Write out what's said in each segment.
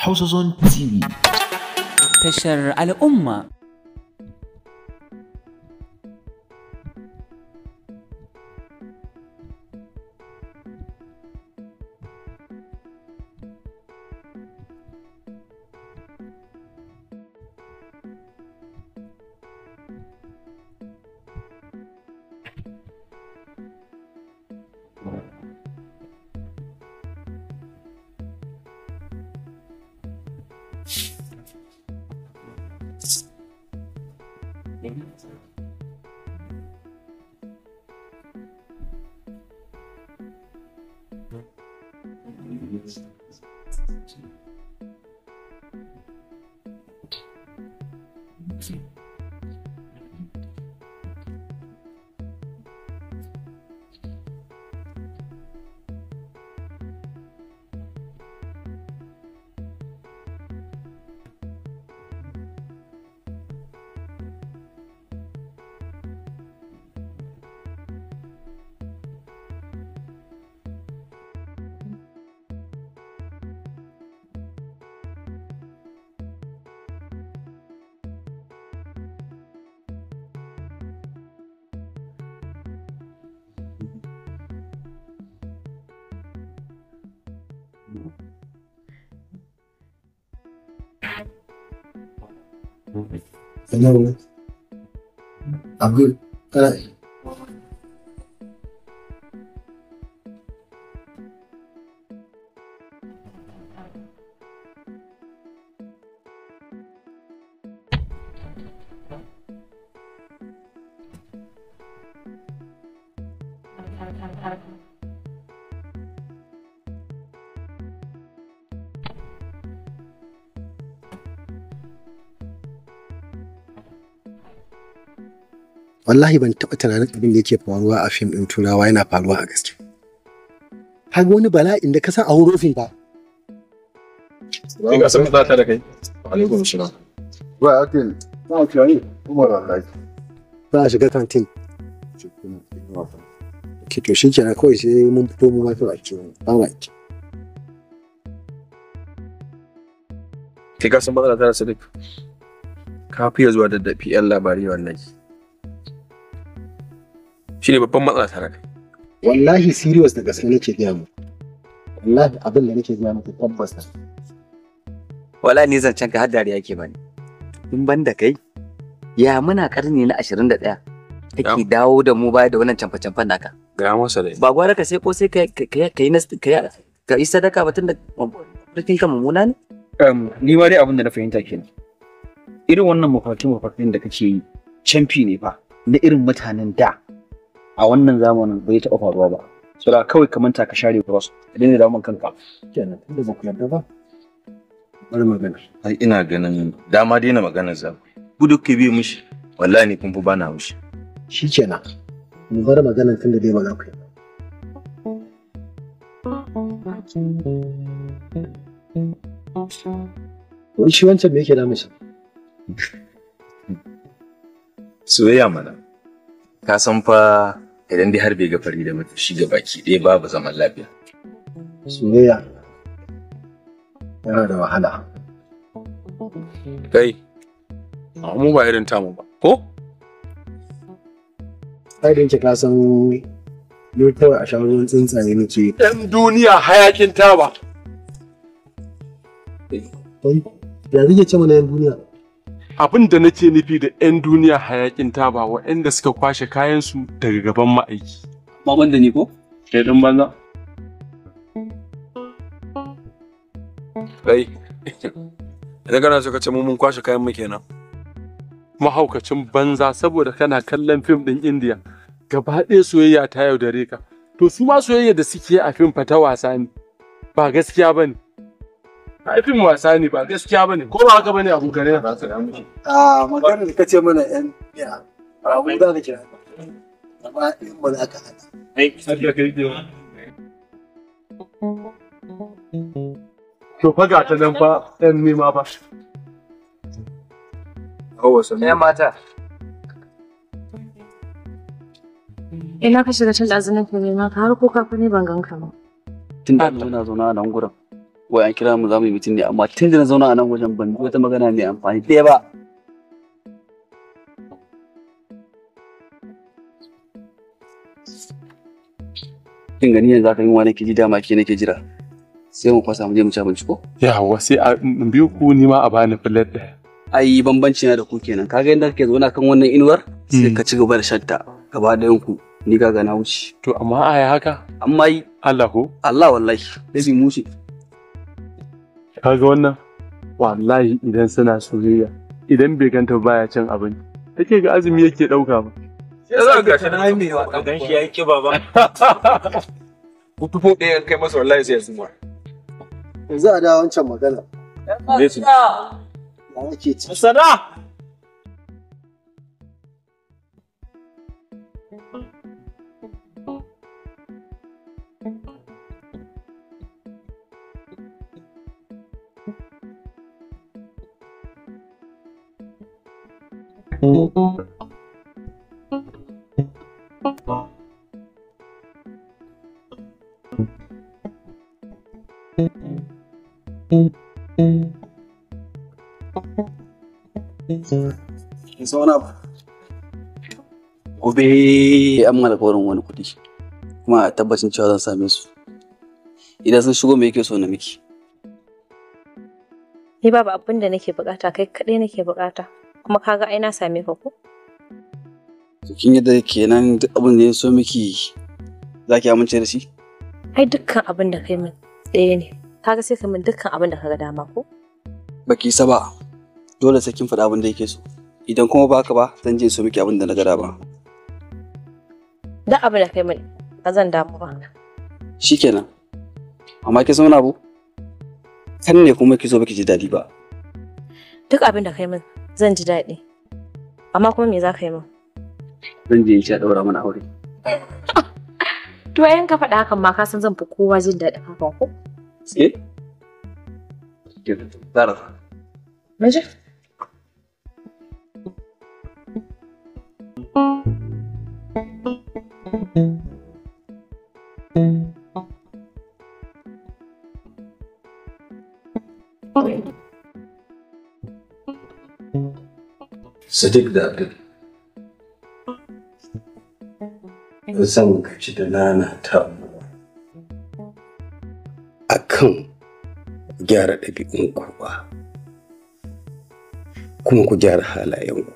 Hausa Zone TV. Tashar al'umma. Hello. I'm good. Can wallahi ban taɓa tunanin abin da yake faruwa a fim ɗin turawa yana faruwa a gaske har wani bala'i da ka san a fim ba in kasar da ta da kai alaikum salam ba akin ba ki yi kuma wallahi ba shiga kantin ki to shi na kawai sai mun fito mu ma ta a cikin ba ba ki ka san matsala ta da sadiq ka fiye zuwa dafi yan labari wannan ne babban matsala tare da wallahi serious da gaske nake gaya mu wallahi abin da nake gaya muku tabbas wallahi ni zan canka har dariya yake bani in ban da kai ya muna karni na 21 kake dawo da mu baya da wannan canfa-canfan naka ga masa dai ba gwara ka sai ko sai ka yi ka yi sadaka batun da rikin ka mummuna ne ni ma dai abin da na fahimta kenan irin wannan mafarkin mafarkin da kace yi canfi ne fa na irin mutanen da a wannan zamanin bai taɓa faruwa ba saboda kawai ka manta ka share cross ne da damun kanka kenan tunda ba ku yarda ba bari magana ai ina ganin dama daina maganar za ku ku duk ke bi mishi wallahi ni kun fi bana mishi kenan mu bar maganar tunda dai ba za ku Wani shi wancan me yake da mishi? Soyayya mana. Ka san fa idan dai har bai ga fari da mutu shi baki ɗaya babu zaman lafiya. Soyayya yana da wahala. Kai, mu ba irin tamu ba, ko? Kai da ka san ni kawai a shawarwarin tsuntsaye ne ce. ‘Yan duniya hayakin taba. Ya ke ce mana ‘yan duniya? abin da nake nufi da 'yan duniya hayakin taba waɗanda suka kwashe kayansu daga gaban ma'aiki. Maban da ni ko? Kai ɗin banza. Kai, idan kana so ka ce mun kwashe kayan mu kenan. Mahaukacin banza saboda kana kallon fim ɗin Indiya gaba ɗaya soyayya ta yaudare ka. To su ma soyayya da suke a fim fata ta wasa ne, ba gaskiya ba ne. Aifin wasa ne ba gaskiya bane ko ba haka bane abokan ne. Ah magana da kace mana yan ya. Abu da kake. Amma in ba za ka hada. Ai sai ka yi To fa ta nan fa yan nema ba. Awa sami Ya mata. Ina ka shiga cin azumin ku ne ma ka har ko ka ne ban ganka ba. Tun da na zo a nan gurin. wai an kira mu za mu yi mutum ne amma tun da na zauna a nan wajen ban wata magana mai amfani ɗaya ba kin gani yanzu aka yi wani kiji dama ke nake jira sai mu kwasa mu je mu ci abinci ko yawa sai a biyu ku ni ma a bani filet ɗaya ai bambanci na da ku kenan kaga yadda kake zauna kan wannan inuwar sai hmm. ka ci gaba da shanta gaba ɗayan ku ni ga na wuce to amma aya haka amma yi Allah ko Allah wallahi dai mu wuce kaga wannan wallahi idan suna soyayya idan bai ganta baya cin abinci take ga azumi yake dauka ba sai za ka shi nan mai wa dan shi yayi kiba ba ku tufo ɗaya kai masa wallahi sai ya suma yanzu a da wancan magana me su sana isa wani abu gobe an mana alkawarin wani kuɗi kuma a tabbacin cewa zan same su idan sun shigo me yake so na miki ni babu abin da nake bukata kai kaɗai nake bukata kuma kaga ai na same ka ko kin yadda kenan duk abin da ya so miki za ki amince da shi ai dukkan abin da kai min ɗaya ne kaga sai ka min dukkan abin da kaga dama ko baki saba dole sai kin faɗa abin da yake so idan kuma ba ka ba zan je so miki abin da na gada ba da abu da kai mun ba zan damu ba shikenan amma ki zauna abu kan ne kuma ki zo baki ji dadi ba duk abin da kai min zan ji dadi amma kuma me za ka yi min zan je in sha a mana aure to yayin ka faɗa hakan ma ka san zan fi kowa jin dadi hakan ko eh Zara. Mas Sadiq da Abdul. Zan ci da nana ta a kan gyara ɗabi'un ba, kuma ku gyara halayenku.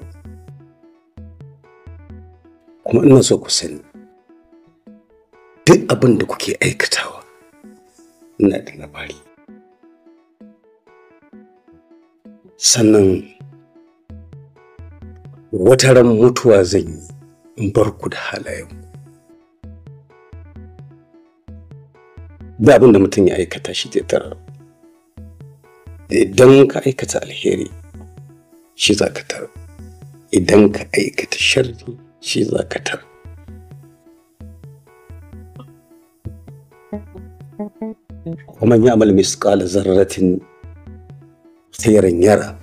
Kuma ina so ku sani duk abin da kuke aikatawa ina da labari sannan wata ran mutuwa zan yi in bar ku da halayen da abin da mutum ya aikata shi zai tara idan ka aikata alheri shi za ka tara idan ka aikata sharri shi za ka tara ومن يعمل مثقال ذرة خيرا يرى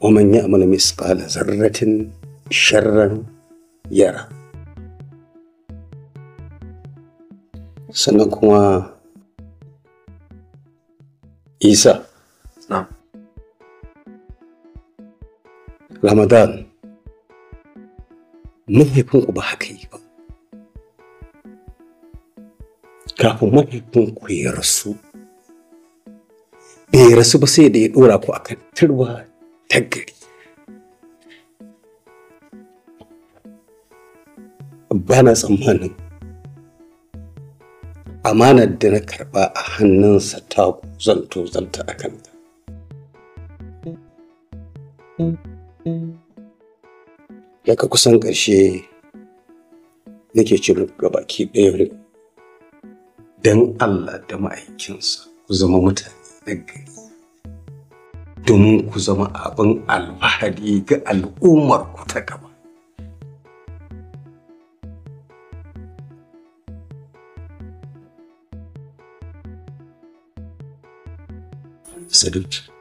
ومن يعمل مثقال ذرة شرا يرى sannan إيسا نعم رمضان mahaifinku ba haka kafin mahaifinku ya rasu bai rasu ba sai da ya ɗora ku akan turwa ta gari ba na tsammanin amanar da na karɓa a hannunsa ta zan tozanta a kanta yaka kusan ƙarshe nake ce muku gabaki ɗaya don Allah da ma'aikinsa ku zama mutane na gari domin ku zama abin alfahari ga al'ummar ku ta gaba. Salute.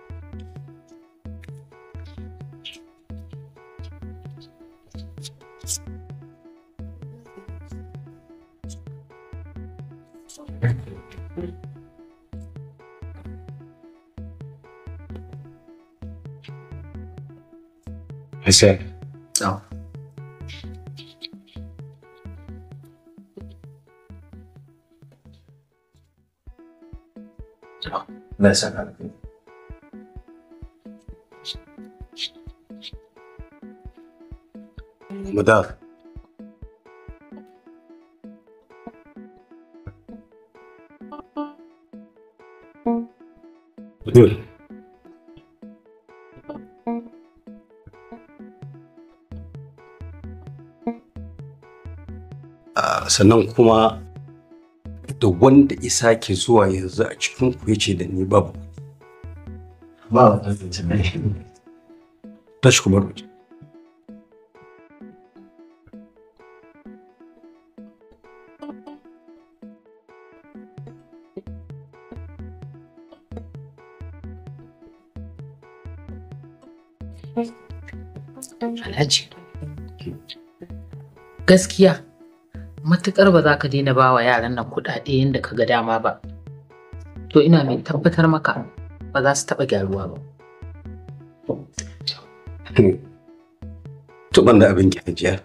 I said. No. No. That's not gonna be. Madaf. sannan kuma da wanda isa ke zuwa yanzu a cikin ku ya ce da ni babu ba tashi ku bar waje Alhaji, gaskiya matuƙar ba za ka daina ba wa yaran nan kuɗaɗe yadda ka ga dama ba to ina mai tabbatar maka ba za su taɓa gyaruwa ba tuban da abin gyajiya,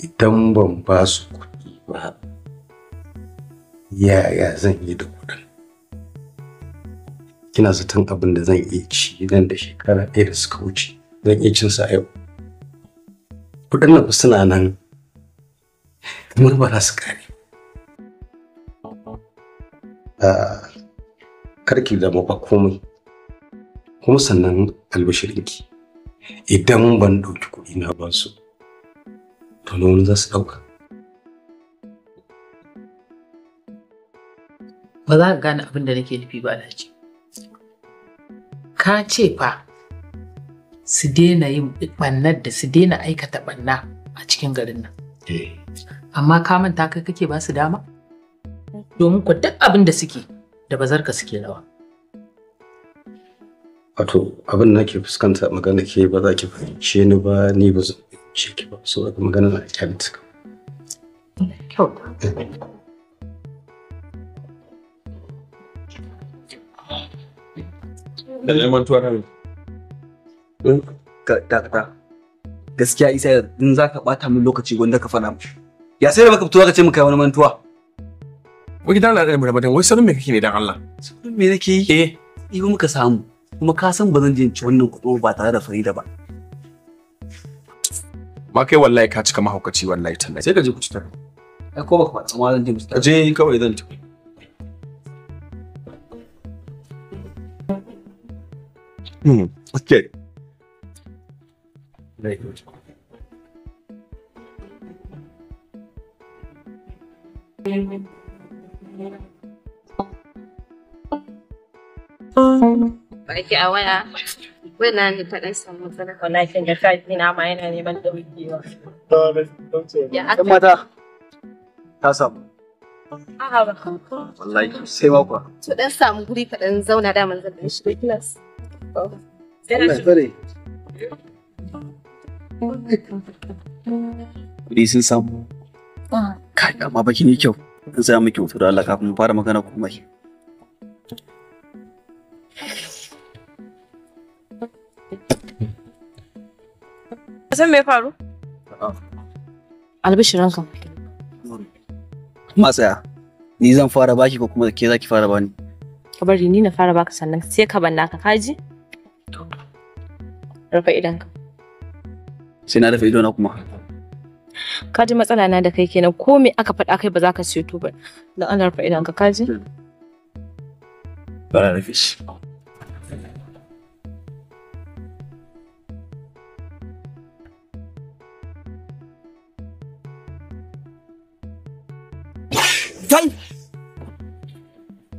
idan ban ba su kuɗi ba yaya zan yi da kuɗin kina zaton abin da zan iya ci nan da shekara ɗaya da suka wuce zan iya cin sa yau kuɗin nan suna nan muy buenas za ah, karki da mafa komai kuma sannan albashirinki idan ban ɗauki kuɗi na ban su to ne wani za su ɗauka ba za ka gane abin da nake nufi ba alhaji ka ce fa su daina yin ɓannar da su daina aikata ɓanna a cikin garin nan eh. amma ka manta kai kake ba su dama domin ku duk abin da suke da bazarka suke rawa wato abin da nake fuskanta magana ke ba za ki fahimce ni ba ni ba zan fahimce ki ba saboda magana na kyalin suka ɗan da neman tuwa nan ka gaskiya isa in za ka bata min lokaci gwanda ka faɗa mishi ya sai da baka fito ka ce muka wani mantuwa wai gidan Allah da mu rabatan wai sanin me kake ne dan Allah sanin me nake yi eh ibo muka samu kuma ka san ba zan je ci wannan kudu ba tare da Farida ba ma kai wallahi ka cika mahaukaci wallahi tallahi sai ka je ku cutar ai ko baka faɗa ma zan je mu cutar je kawai zan tafi Hmm, okay. Very good. Baki a waya, wina ne kaɗai samu tsarka wallahi da shafi na ma yana neman ɗaukewa. Ya aka. mata ta samu. Wallahi sai ma kuwa. To ɗan samu guri kaɗan zauna da manzan da shi kilas. Kuɗi sun samu. Ah. kai amma baki yi kyau in sai miki hoto da Allah kafin mu fara magana komai san me faru albishiranka matsaya ni zan fara baki ko kuma ke zaki fara bani ka bari ni na fara baka sannan sai ka banna ka kaji rufe ka. sai na rufe idona kuma ka ji matsala na da kai kenan ko me aka faɗa kai ba za ka ceto ba dan Allah rufe idan ka kaji hmm. bara rufe shi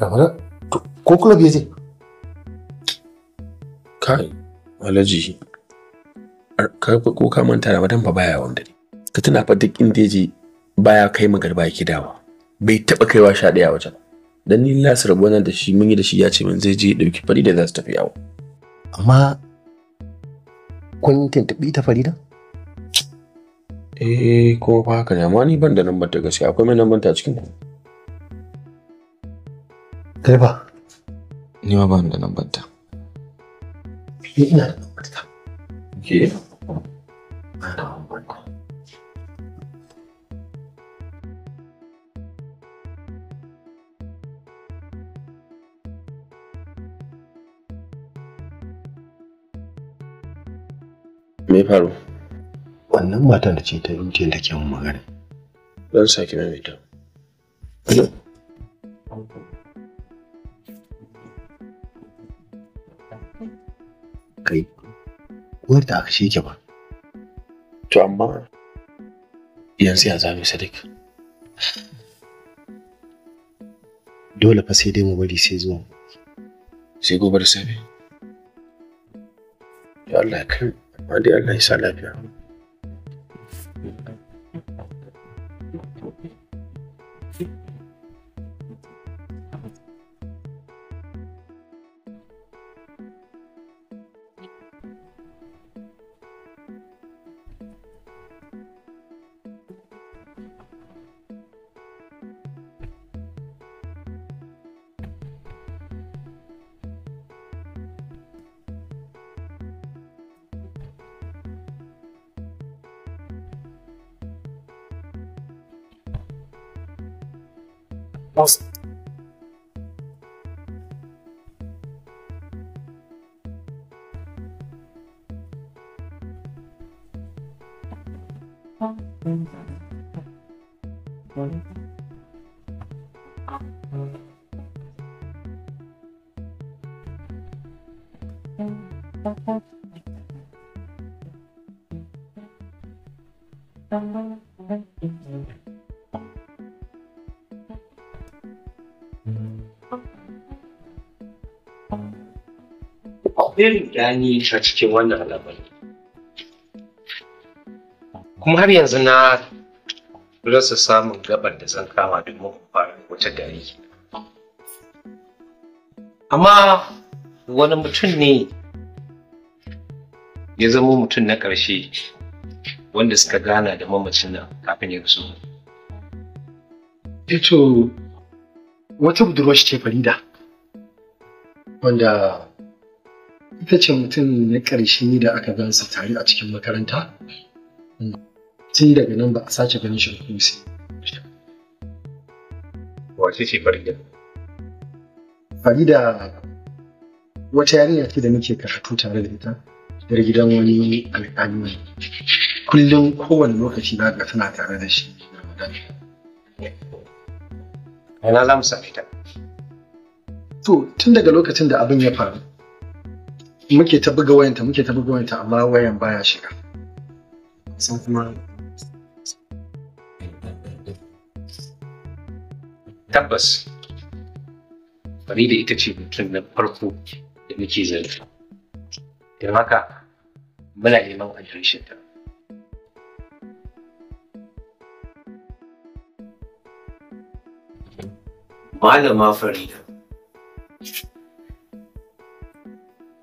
Yamada, ko club ya je? Kai, Alhaji, ko ka manta da Ramadan fa baya wanda ne. Ka tuna fa duk inda ya je baya kai magarba yake dawa. Bai taɓa kaiwa sha ɗaya wajen. Dan ni lasu rabuwa da shi mun yi da shi ya ce min zai je ɗauki Farida za su tafi yawo. Amma kun tuntuɓi ta Farida? Eh, ko ba haka ne, amma ni ban da lambar ta gaskiya akwai mai lambar ta cikin ku. Kai ba? Ni ma ba ni da lambar ta. Ni ina da lambar ta. Ke? Me faru? Wannan matan da ce ta yi da ke magana. Zan sake maimaita. uwarta da aka ki ba to amma yanzu ya zame sadiq dole fa sai dai mu bari sai zuwa sai gobe da safe ya Allah ya kai amma dai Allah ya sa lafiya boss。irin gani a cikin wannan al'amari kuma har yanzu na rasa samun gaɓar da zan kama domin fara wata gari amma wani mutum ne ya zama mutum na ƙarshe wanda suka gana da mamacin nan kafin ya rasu ito eh wata budurwa ce farida wanda ita ce mutum na ƙarshe da aka gansa tare a cikin makaranta hmm. tun daga nan ba a sace ganin shi ko sai wace ce farida farida wata yarinya ce da muke karatu tare da ita yar gidan wani al'adu, kullum kowane lokaci na ga tana tare da shi Ina za mu To, tun daga lokacin da abin ya faru, muke ta buga wayanta muke ta buga wayanta amma wayan baya shiga sun kuma tabbas Farida ita ce mutum na farko da muke zarfi don haka muna neman adireshin ta malama Farida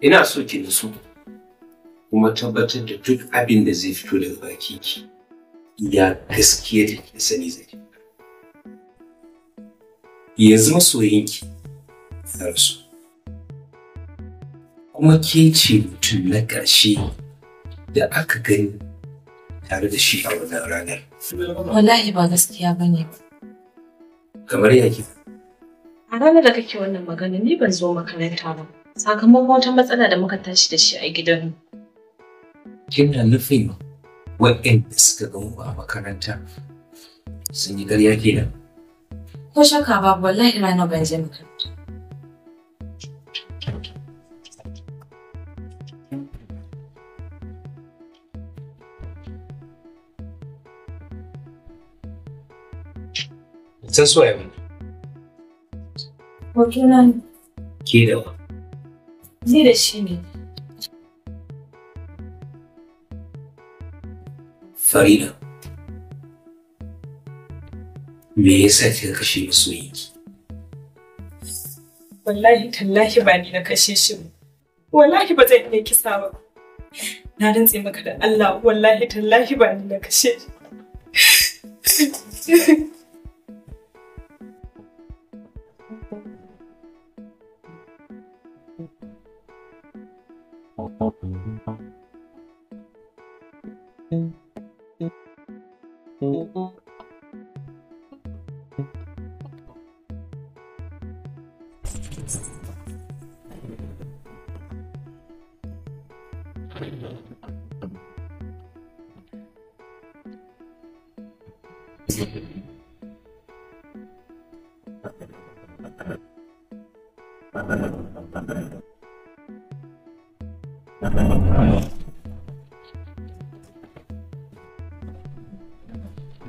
ina so ki nutsu kuma tabbatar da duk abin da zai fito daga baki ya gaskiya da ke sani zai yanzu masoyinki na rasu kuma ke ce mutum na ƙarshe da aka gani tare da shi a wannan ranar. Wallahi ba gaskiya ba ne. Kamar yaki. A ranar da kake wannan magana ni ban zo makaranta ba. sakamakon wata matsala da muka tashi da shi a gidan. Kina nufin waɗanda suka gamu a makaranta sun yi ƙarya kenan. Ko shakka ba, wallahi na ban je makaranta. San suwaye wani? Wakilani. Ke da wa. Ni da shi ne. Farida, me yasa kika kashe masoyinki? Wallahi tallahi ba ni na kashe shi ba. Wallahi ba zan iya kisa ba. Na rantse maka da Allah wallahi tallahi ba ni na kashe shi.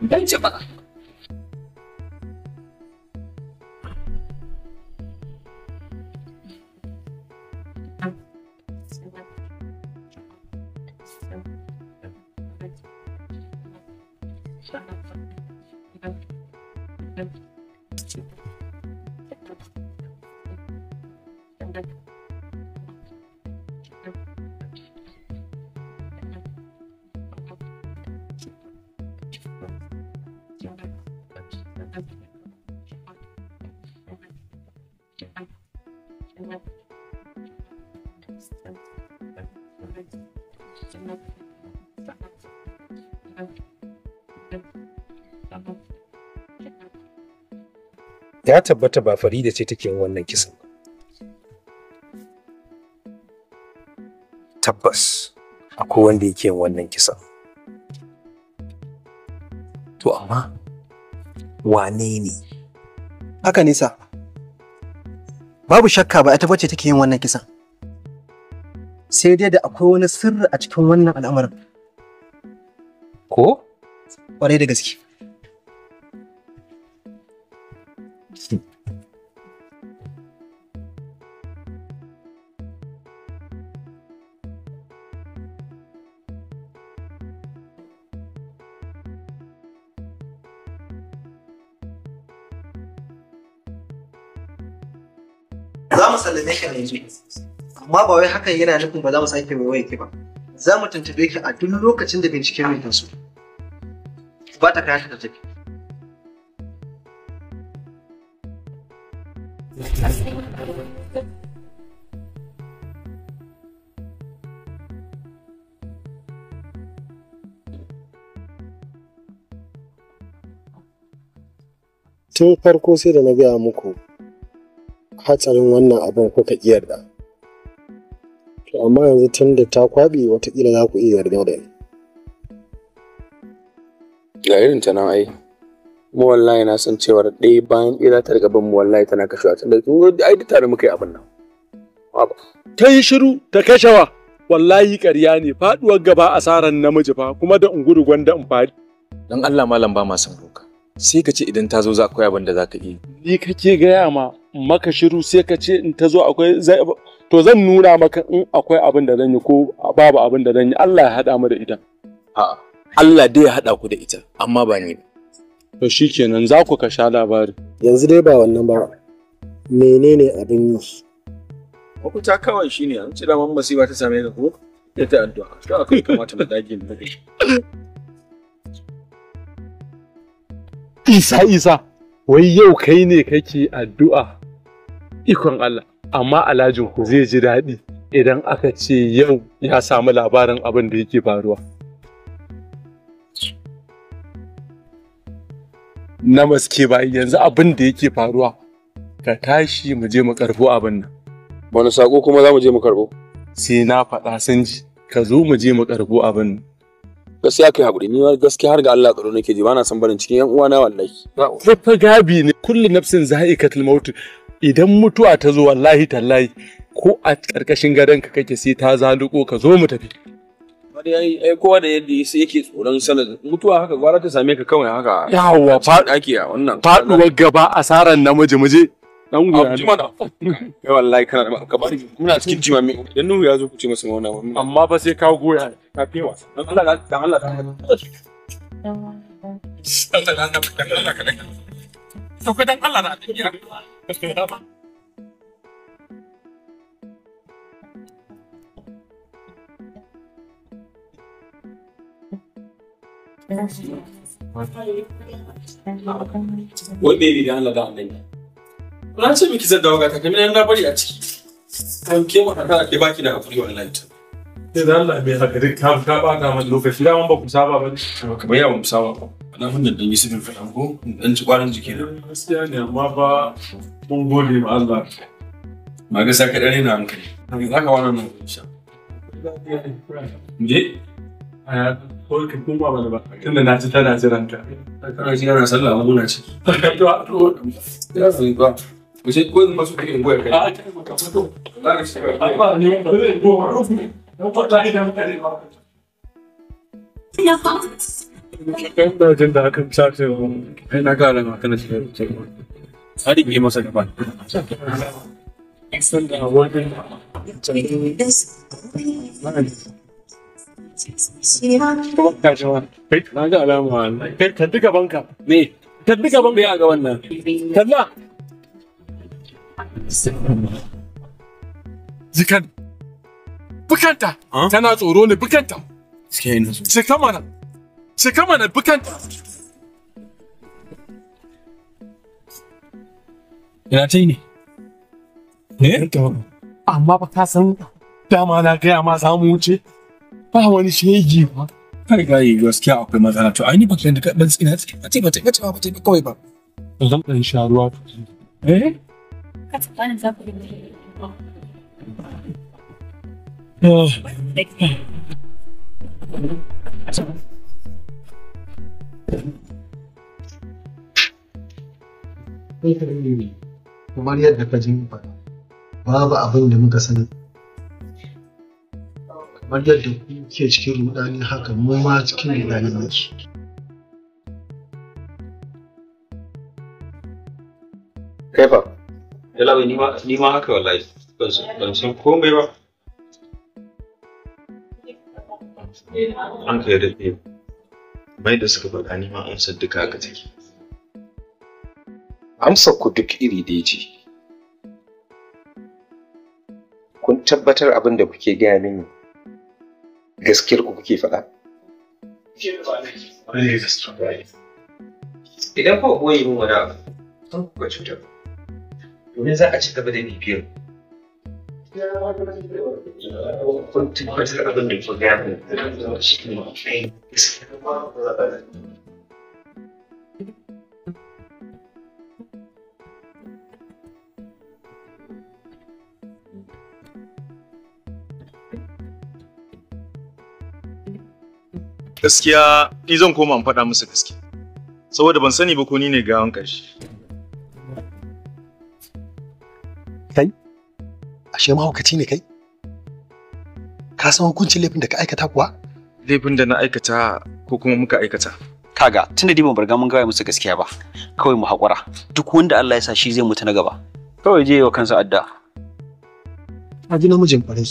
Dan ya tabbata ba Farida ce take wannan kisan tabbas akwai wanda yake wannan kisan to amma wane ne haka nisa babu shakka ba ita bace take yin wannan kisan sai dai da akwai wani sirri a cikin wannan al'amarin ko ƙwarai da gaske sai ka amma ba wai hakan yana nufin ba za mu sake waiwaye ki ba za mu tuntube ki a duk lokacin da binciken mai taso ba ta kaya ta tafi tun farko sai da na gaya muku hatsarin wannan abin kuka ƙi yarda to amma yanzu tun da ta kwaɓe watakila za ku iya yarda da ni ga irin ta nan ai mu wallahi na san cewar ɗaya bayan ɗaya ta riga mu wallahi tana kashewa tun da kun ai da tare muka yi abin nan ta yi shiru ta kashewa wallahi ƙarya ne faɗuwar gaba asarar namiji fa kuma da unguru gwanda in faɗi dan Allah malam ba ma san doka sai ka ce idan ta zo za akwai abin da za ka yi ni kake gaya ma maka shiru sai ka ce in ta zo akwai to zan nuna maka in akwai abin da zan yi ko babu abin da zan yi Allah ya haɗa mu da ita a'a Allah dai ya haɗa ku da ita amma ba ni to shikenan za ku ka sha labari yanzu dai ba wannan ba menene abin yi mafuta kawai shine an ci mun masiba ta same ka ko da ta addu'a to akwai kamata mu dage mu Isa Isa wai yau kai ne kake addu'a ikon Allah amma alhajin ku zai ji daɗi idan aka ce yau ya samu labarin abin da yake faruwa na maske ba yanzu abin da yake faruwa ka tashi mu je mu karbo abin nan wani saƙo kuma za mu je mu karbo sai na faɗa sun ji ka zo mu je mu karbo abin gaskiya kai haƙuri ni gaskiya har ga Allah tsaro nake ji ba na san barin cikin yan uwana wallahi sai fa gabi ne kullu nafsin za'iqatul maut idan mutuwa ta zo wallahi tallahi ko a ƙarƙashin gadon ka kake sai ta zaluko ka zo mu tafi wani ya ai kowa da yadda yake tsoron sanar mutuwa haka gwara ta same ka kawai haka yawa faɗaki a wannan faɗuwar gaba asaran namiji muje dan guya ji wallahi kana da ka bari muna cikin jima mai dan nuhu ya zo ku ce masa wannan amma fa sai kawo goya ka fewa dan Allah dan Allah dan Allah dan Allah dan Allah dan Allah dan Allah Wai baby da Allah da Allah. Na ce miki zan dawo ga takalmi na bari a ciki. Sauke mu haka ke baki da hakuri wallahi ta. Sai da Allah mai haka duk ta ba ta lokaci da ba ku saba ba. Ba ya ba mu saba ba. na fi da ɗan yi sifin ko ɗan ci ƙwarin jiki na. Gaskiya ne amma ba mun gode ma Allah. Ma ga saka ɗare na hankali. kai. za ka wannan nan insha. Je? Ko ka kuma ba da ba. Tunda na ci tana jiran ka. Kana ji kana sallah ba muna ci. Ya zai ba. Mu ce ko masu kuɗi in kai. A kai maka fito. Za ka Ba ne ba zai goya. Dan kwata idan ka ne ba. Na da jin da hakan sace wa na gara ma kana shi ce a rike masa gaba san da wani na ga alama kai ka duka banka me ka banka ya ga wannan kalla bukanta tana ne bukanta sai She come on, bukan. Ina ta yi ne? Amma ba ka san dama na gaya ma za mu wuce. Ba wani shege ba. Kai gaye gaskiya akwai matsala to ai ni bakin da kaɗan tsina ta ba ce ba ta ba ta ba kawai ba. Zan ɗan sha ruwa. Eh? Ka tsakanin za ku yi Oh. kamar yadda ka ji faɗa babu abin da muka sani kamar yadda kuke cikin rudani haka mu ma cikin rudani ne kai fa yalabai ni ma haka wallahi ban san komai ba an kai da ke bai da suka faɗa ni ma amsar duka haka take amsar ku duk iri da ce kun tabbatar abin da kuke gaya mini gaskiyar ku kuke faɗa idan kuka yi mun wani abu sun kuka cutar domin za a ci gaba da bibiyar kun tabbatar abin da kuka gaya mini gaskiyar Gaskiya ni zan koma in faɗa musu gaske. Saboda ban sani ba ko ni ne gawan ƙarshe. Kai? Ashe mahaukaci ne kai? Ka san hukuncin laifin da ka aikata kuwa? Laifin da na aikata ko kuma muka aikata kaga tunda dai ban barga mun gaya musu gaskiya ba kawai mu haƙura duk wanda Allah ya sa shi zai mutu na gaba kawai je wa kansa adda na ji namijin kwarai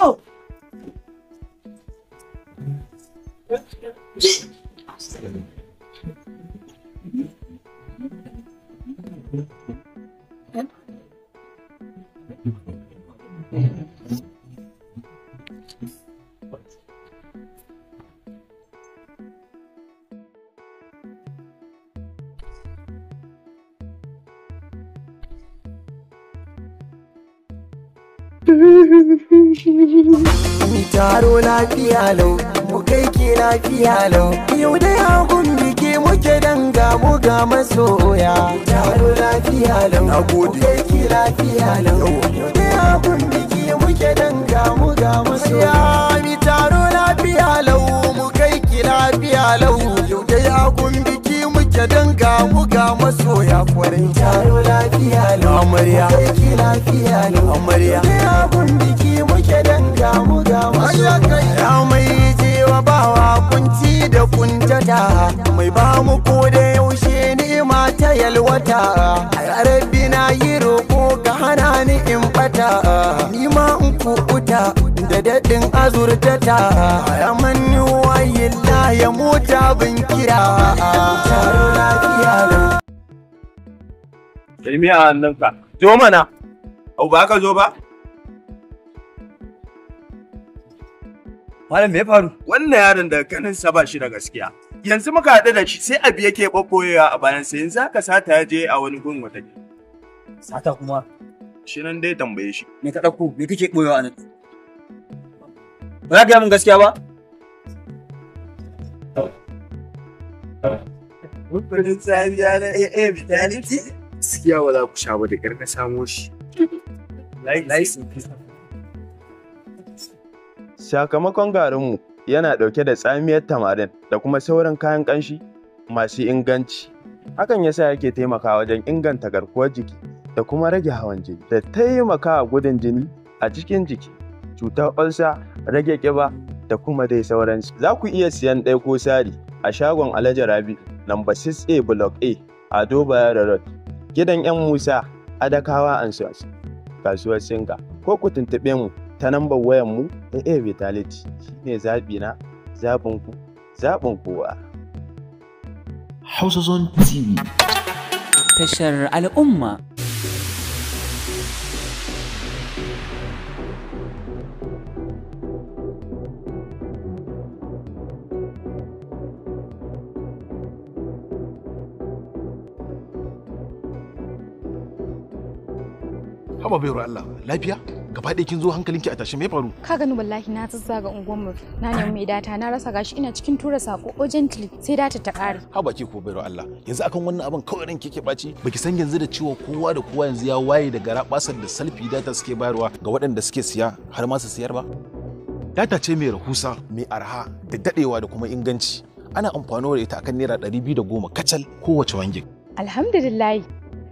Oh. taro lafiya lau mu kai ki lafiya lau yau da yagun biki muke dan gamu ga masoya taro lafiya lau mu kai ki lafiya lau yau da yagun biki muke dan gamu ga masoya mi taro lafiya lau mu kai ke lafiya lau yau da yagun biki muke dan gamu ga masoya kwarai taro lafiya lau amarya kai ke lafiya lau amarya da yagun bike kunci muke danga mu ga ya mai bawa kunci da kunjata mai ba mu ko da yaushe ni'ima ta yalwata a na yi roƙo ka hana ni in bata ni ma in kukuta da daɗin azurtata ya manni ya bin kira nan ka. Zo mana. Au ba ka zo ba? Malam me ya faru? Wannan yaron da kaninsa ba shi da gaskiya. Yanzu muka haɗu da shi sai abi yake ɓaɓɓoyewa a bayan sa yanzu aka sata ya je a wani gun wata Sata kuma? Shi nan dai tambaye shi. Me ka ɗauko? Me kake ɓoyewa a nan? Ba za ka yi min gaskiya ba? Rukunin tsariya na AA Vitality? Gaskiya ba za ku sha ba da ƙyar na samo shi. Lai sun Sakamakon garinmu yana ɗauke da tsamiyar tamarin da kuma sauran kayan ƙanshi masu inganci. Hakan yasa yake taimakawa wajen inganta garkuwar jiki da kuma rage hawan jini da taimakawa gudun jini a cikin jiki, cutar olsa, rage ƙiba da kuma dai sauransu. Za ku iya siyan ɗaya ko sari a shagon Alhaji Rabi, namba 6A Block A, Ado Bayero Road, gidan 'yan Musa, Adakawa Ansas, kasuwar Singa, ko ku tuntuɓe mu ta nambar wayar mu ta A Vitality shine zabi na zabin ku zabin kowa Hausa Zone TV tashar al'umma Haba bai Allah lafiya? gaba ɗaya kin zo hankalinki a tashi mai faru ka gani wallahi na zazzaga unguwar mu na mai data na rasa gashi ina cikin tura sako urgently sai data ta kare ha baki ko bayro Allah yanzu akan wannan abin kawai ran kike baci baki san yanzu da ciwon kowa da kowa yanzu ya waye da gara basar da salfi data suke bayarwa ga waɗanda suke siya har ma su siyar ba data ce mai rahusa mai arha da dadewa da kuma inganci ana amfani da ita akan naira ɗari 210 kacal kowace wangin alhamdulillah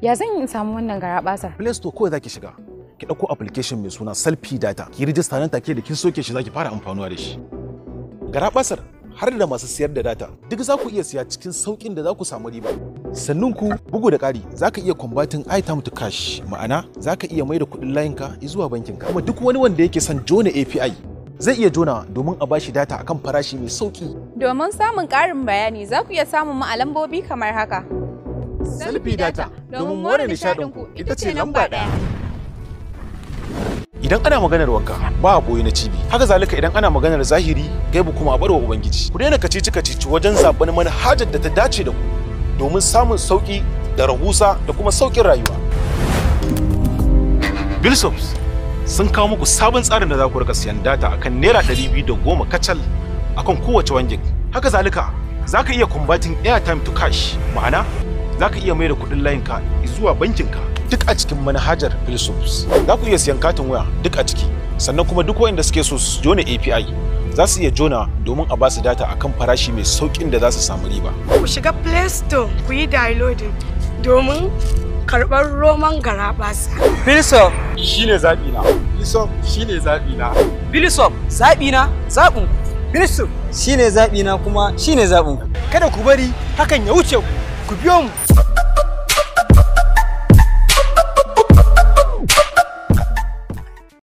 ya zan in samu wannan garabasar basar play store kawai zaki shiga ki ɗauko application mai suna selfie data ki rijista nan take da kin soke shi zaki fara amfanuwa da shi gara basar har da masu siyar da data duk za ku iya siya cikin sauƙin da za ku samu riba sannan ku bugu da ƙari za ka iya kwambatin item to cash ma'ana za ka iya mai da kuɗin layinka zuwa bankinka kuma duk wani wanda yake son jona api zai iya jona domin a bashi data akan farashi mai sauƙi domin samun ƙarin bayani za ku iya samun mu a lambobi kamar haka selfie data domin more ku, ita ce lamba ɗaya idan ana maganar wanka ba a boye na cibi haka zalika idan ana maganar zahiri gaibu kuma a barwa ubangiji ku daina kacici kacici wajen zaɓen manhajar da ta dace da ku domin samun sauƙi da rahusa da kuma sauƙin rayuwa bilsops sun kawo muku sabon tsarin da za ku rika siyan data akan naira ɗari biyu da goma kacal akan kowace wangin haka zalika za ka iya kumbatin airtime to cash ma'ana za ka iya mai da kuɗin layinka zuwa bankinka duk a cikin manhajar Philosophes. Za ku iya siyan katin waya duk a ciki, sannan kuma duk waɗanda suke so su jona API za su iya jona domin a ba su data akan farashi mai sauƙin da za su samu riba. Ku shiga Play Store ku yi downloading domin karɓar roman garaɓasa. Philosoph shi ne zaɓi na. Philosoph shi ne zaɓi na. Philosoph zaɓi na zaɓin. Philosoph shi ne zaɓi na kuma shi ne zaɓin. Kada ku bari hakan ya wuce ku. Ku biyo mu.